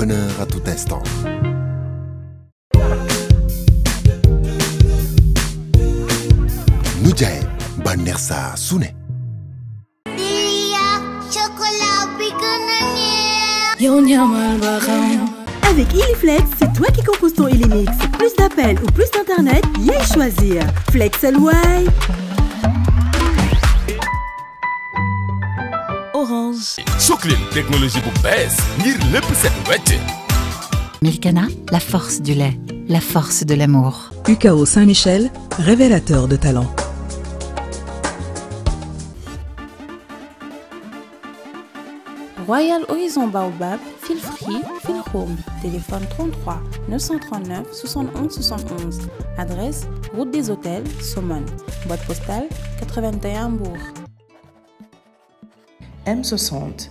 bonheur à tout instant. Nujaye bonne Sune à Soune. Avec Iliflex, c'est toi qui compose ton Ilimix. Plus d'appels ou plus d'internet, y choisir. Flex Orange. Soclin technologie bu ngir Milkana, la force du lait, la force de l'amour. UKO Saint-Michel, révélateur de talent. Royal Horizon Baobab, fil free, fil home. Téléphone 33 939 71 71. Adresse Route des Hôtels, Saumon. Boîte postale 81 Bourg. M60.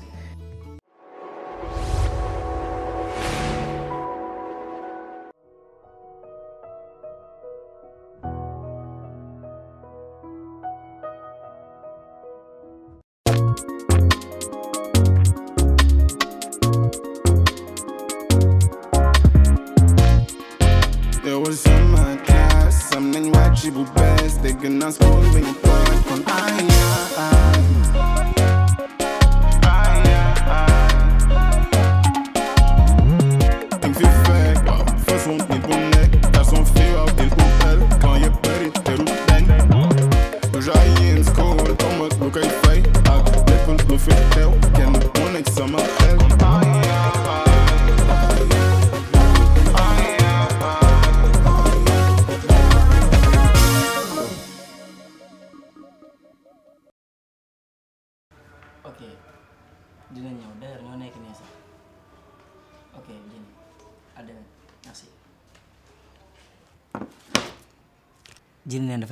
There was something what best. They gonna scold when you point from I. Il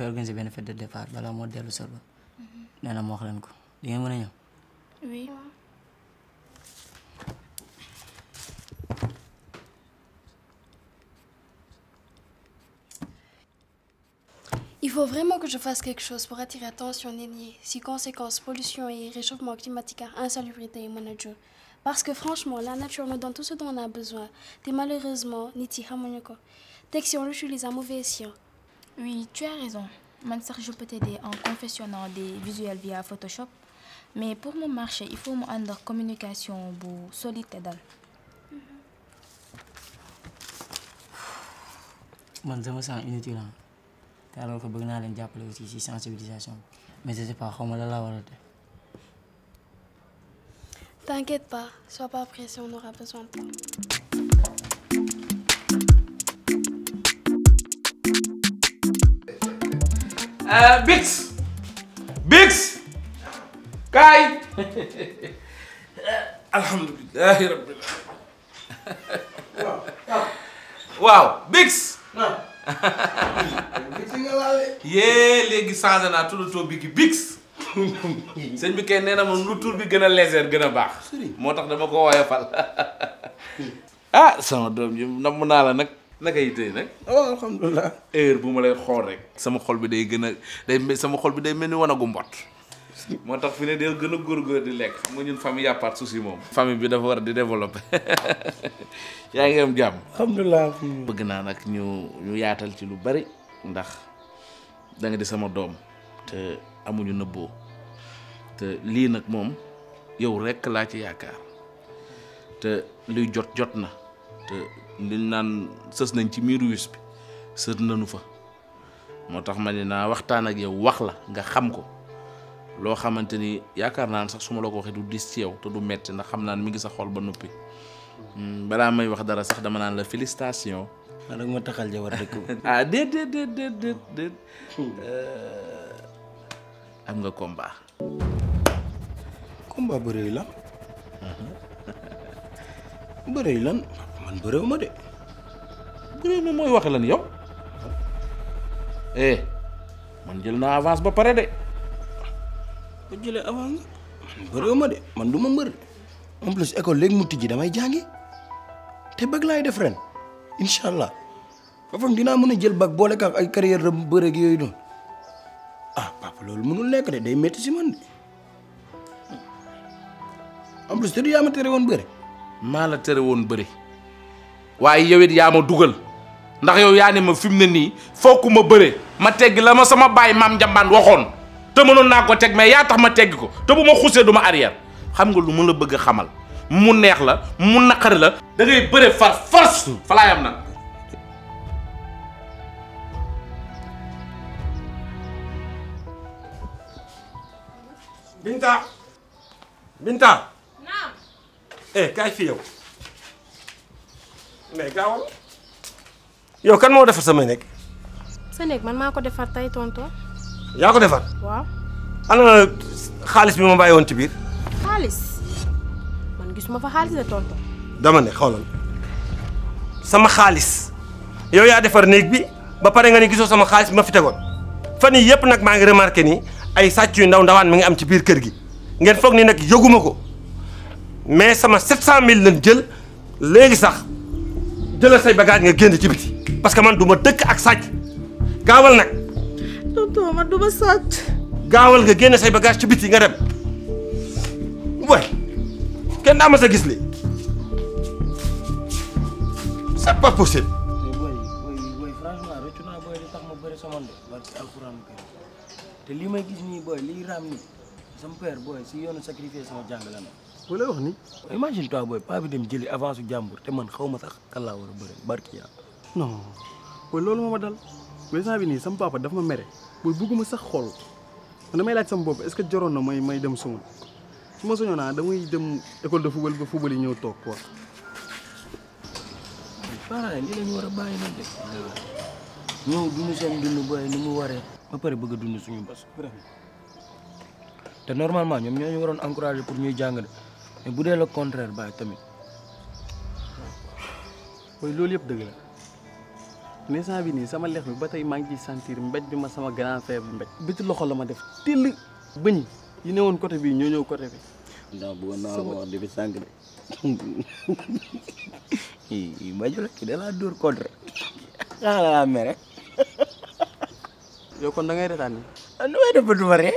faut vraiment que je fasse quelque chose pour attirer l'attention des si conséquences pollution et réchauffement climatique, insalubrité et manager. Parce que franchement, la nature nous donne tout ce dont on a besoin. Et malheureusement, Niti que si on l'utilise à mauvais escient. Oui, tu as raison. Mon je peux t'aider en confectionnant des visuels via Photoshop. Mais pour mon marché, il faut mon une communication pour solide je me sens inutile. Alors que je veux appeler aussi la sensibilisation. Mais je ne sais pas comment la Ne T'inquiète pas, sois pas pressé, on aura besoin de toi. Euh, Bix Bix kaay alhamdulilah rabbil waaw Bix. yée léegi changé naa tuddatoo bi gi Bix sëñ bi kay nee na moom lu tur bi gën a léger gën a baax moo tax dama ko woyofal ah sama doom ji namm naa la nag naka yi tey nag. waaw oh, alhamdulilah. bu ma lay xool rek. sama xol bi day gën a day sama xol bi day mel ni wanagu mbott. moo tax fi ne deel gën a góorgóor di lekk xam nga ñun famille yàppaat souci moom. famille bi dafa war di développer yaa ngi am jàmm. alhamdulilah. bëgg naa nag ñu ñu yaatal ci lu bari ndax da nga sama doom amuñu nëbboo lii nag moom yow rekk laa ci yaakaar te luy jot jot na. te liñ naan sës nañ ci miiru wis bi sër nañu fa moo tax ma ne naa waxtaan ak yow wax la nga xam ko loo xamante ni yaakaar naan sax su ma la ko waxee du dis ci yow te du metti ndax xam naan mi ngi sa xol ba noppi hmm, balaa may wax dara sax dama naan la félicitation. xanaa ma taxal jabar dëkk ah déet déet déet déet déet déet euh, am nga combat. combat bëre yi lan bëre yi lan. Eh, man bëréew ma de bëréew ma moy waxe lan yow eh man jël na avance ba paré de ba jëlé avance man bëréew ma de man duma ma en plus école léegi mu tijji damay jàngi té bëgg lay def ren inshallah allah fafam dinaa mën a jël bag boole ak ay carrière de bëre gi yooyu noonu ah papa lolou mënul nekk de day metti ci man de en plus te du ma tere bëre mala téré won bëre waaye yow yaa ma dugal ndax yow yaa ne ma fi mu ne nii fokk ma bëre ma tegg la ma sama baay maam njambaan waxoon te mënoon naa ko teg mais yaa tax ma tegg ko te bu ma xuusee du ma arrière xam nga lu mën a bëgg a xamal mu neex la mu naqari la da ngay bëre far force falaayam nag Binta Binta naam eh fi yow mais gaawal. yow kan moo defar sama néeg sa nekk man maa ko defar tey tonto. yaa ko defar. waaw. ana xaalis bi ma bàyyi woon ci biir. xaalis man gisuma fa xaalis de tonto. dama ne xoolal sama xaalis yow yaa defar néeg bi ba pare nga ni gisoo sama xaalis bi ma fi tegoon fan yii nag maa ngi remarqué nii ay sàcc yu ndaw ndawaan mi ngi am ci biir kër gi ngeen foog nii nag yëguma ko mais sama 700000 nag jël léegi sax. jëlal say bagage nga génn ci biti parce que man duma ma dëkk ak sàcc gawal nak tonton man duma ma gawal nga génn say bagage ci biti nga dem way kenn daa ma sa gis li c'est pas possible. te li may gis nii boy, liy raam nii sama père booy si yoonu sacrifice sama jàng moo lay wax ni imagine toi booy paa bi dem jëli avance su jàmbur te man xaw ma sax kan laa war a bëri barki yaa non booy loolu moo ma dal instant bi nii sama papa daf ma mere booy ma sax xool man damay laaj sama bopp est-ce que joroon na may may dem suma su ma soñoon naa damay dem école de football ba football ñëw toog quoi. parents lii la a bàyyi noonu de. ñëw dund seen dund booy ni mu waree. ba pare bëgg a dund suñu bos. te normalement ñoom ñoo ñu waroon encouragé pour ñuy jàng de. mais boudé le contraire bay tamit mooy loolu yëpp deug la mais saa bi ni sama lex bi batay ma ngi sentir mbéj bi ma sama grand frère bi mbéj biti loxo la ma def til bëñ yi ne côté bi ñoo ñëw côté bi. non bu naa ko wax depuis sànq de. yi ma jël ki da dur contre la la la mère yo kon da ngay retane ni. ah nu may def ba du ma ree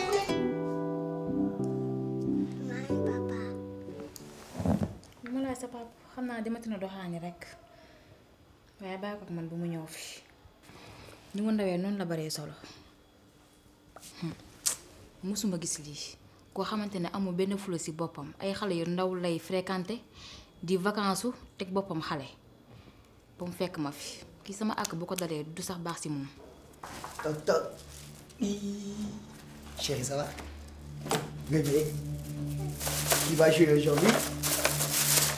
la laaj sa papa xam naa dematina doxaani rek waye bàyyi ko man bu mu ñow fi ni mu ndawé non la baree solo hmm. musuma gis li ko xamantene amu benn si bopam. ay xalé yu ndaw lay fréquenté di vacances tek bopam xalé bu mu fekk ma fi ki sama ak bu ko dalé du sax baax si moom. tok chérie ça va bébé qui va jouer aujourd'hui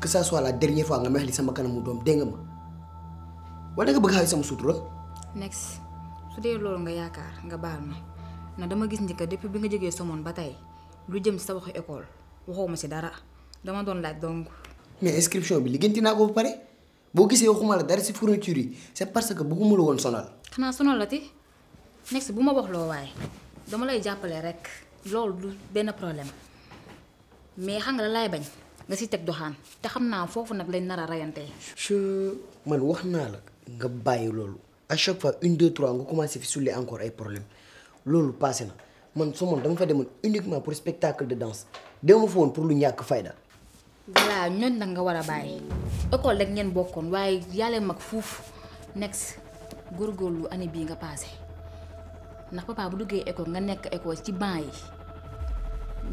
que sa soit la dernier fois nga may wax li sama kanamu doom dégg nga ma wala nga bëgg xaay sama sutura. next su dee loolu nga yaakaar nga baal ma na dama gis ni que bi nga jógee Somone ba tey lu jëm sa waxu école waxoo ma ci dara dama doon laaj donc. mais inscription bi liggéenti naa ko pare boo gisee waxuma la dara ci fourniture yi c'est parce que bëgguma la woon sonal. xanaa sonal la ti next bu ma wax loo waaye dama lay jàppale rek loolu du benn problème mais xam nga la laay bañ. nga si teg doxaan te xam naa foofu nag lañ nar a rayantee. man wax naa la nga bàyyi loolu à chaque fois une deux trois nga commencé fi sulli encore ay problème loolu passé na man su moom dama fa demoon uniquement pour spectacle de danse dema fa woon pour lu ñàkk fayda. voilà ñooñ nag nga war a bàyyi école rek ngeen bokkoon waaye yàlla mag fuuf next góorgóorlu année bii nga passé ndax papa bu duggee école nga nekk école ci banc yi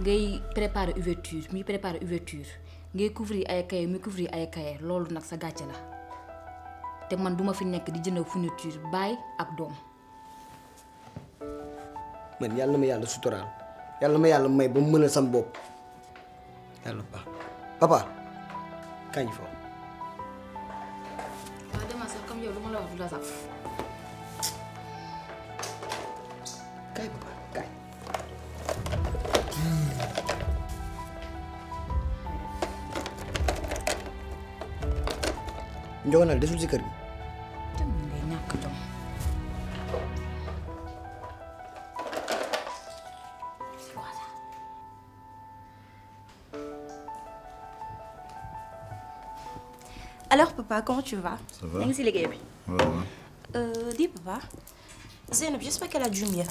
ngay préparer ouverture muy préparer ouverture ngay couvrir ay cahier muy couvrir ay cahier loolu nag sa gàcce la te man duma fi nekk di jënd fourniture baay ak doom. man yàlla ma yàlla suturaal yàlla ma yàlla may ba mu mënal sam bopp yàlla baax papa kañ demal sax comme yow lu ma la wax du la saf. njogonal desul si kër gi. Alors papa, comment tu vas Ça va. Merci les gars. Ouais, ouais. Euh, dis papa, Zainab, j'espère qu'elle a du mieux.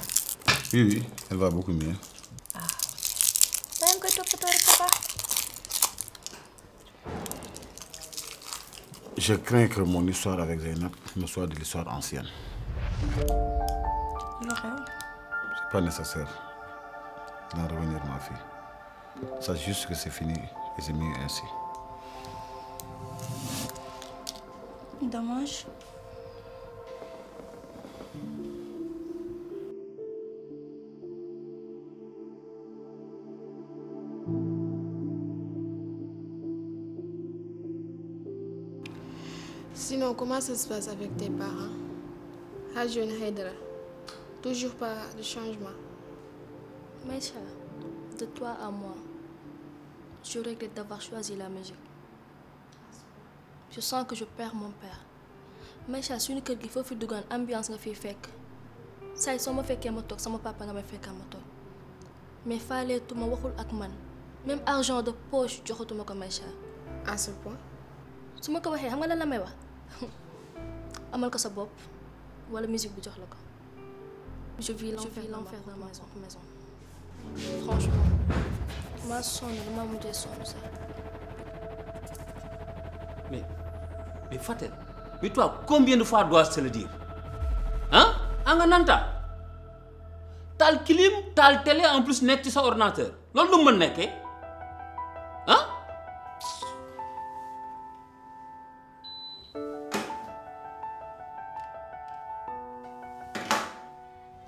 Oui, oui, elle va beaucoup mieux. Je crains que mon histoire avec Zainab ne soit de l'histoire ancienne. n'est pas nécessaire d'en revenir ma fille. Sache juste que c'est fini et c'est mieux ainsi. Dommage. comment ça se passe avec tes parents Hajoun Haidra, toujours pas de changement. Maïcha, de toi à moi, je regrette d'avoir choisi la musique. Je sens que je perds mon père. Maïcha, une kër gi foofu dugaan ambiance nga fiy fekk say soo ma fekkee ma toog sama papa nga may fekkee ma toog mais faaleetuma waxul ak man même argent de poche joxatuma ko Maïcha. à ce point. Tu ma ko waxee xam nga la may amal ko sa bopp wala musique bu jox la ko. je vis l'enfer dans ma maison franchement ma de ma mujjee sonn ça. mais mais Fatel mais toi combien de fois dois-je te le dire hein a nga nanta tal clim tal télé en plus net ci ordinateur loolu lu mu mën eh?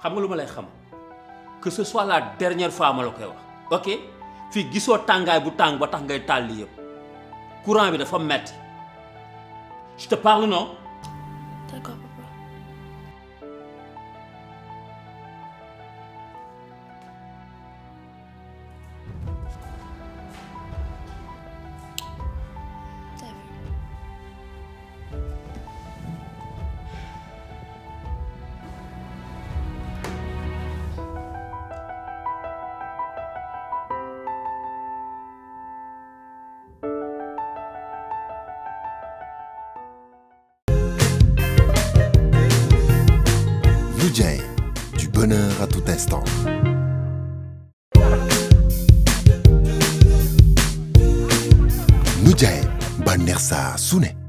xam ne que ce soit la dernière fois ma je ok fii gisoo tàngaay bu ba tax ngay le courant est je te parle non a tout instant. nu jaay bànneex saa su ne